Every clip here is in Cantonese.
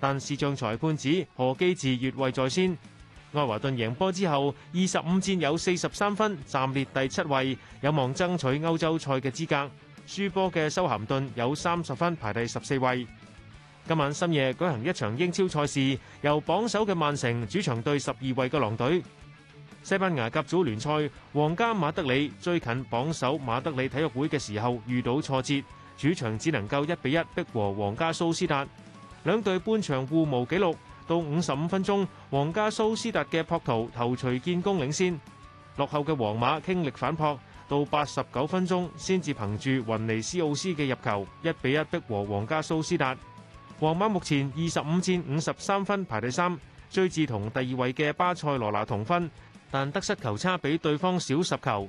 但視像裁判指賀基治越位在先，愛華頓贏波之後，二十五戰有四十三分，暫列第七位，有望爭取歐洲賽嘅資格。輸波嘅修咸頓有三十分排第十四位。今晚深夜舉行一場英超賽事，由榜首嘅曼城主場對十二位嘅狼隊。西班牙甲組聯賽皇家馬德里最近榜首馬德里體育會嘅時候遇到挫折，主場只能夠一比一逼和皇家蘇斯達。兩隊半場互無紀錄，到五十五分鐘，皇家蘇斯達嘅撲圖頭錘建功領先，落後嘅皇馬傾力反撲，到八十九分鐘先至憑住雲尼斯奧斯嘅入球一比一逼和皇家蘇斯達。皇馬目前二十五戰五十三分排第三，追至同第二位嘅巴塞羅那同分，但得失球差比對方少十球。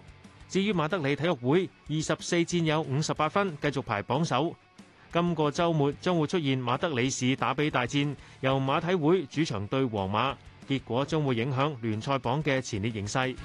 至於馬德里體育會二十四戰有五十八分，繼續排榜首。今個週末將會出現馬德里市打比大戰，由馬體會主場對皇馬，結果將會影響聯賽榜嘅前列形勢。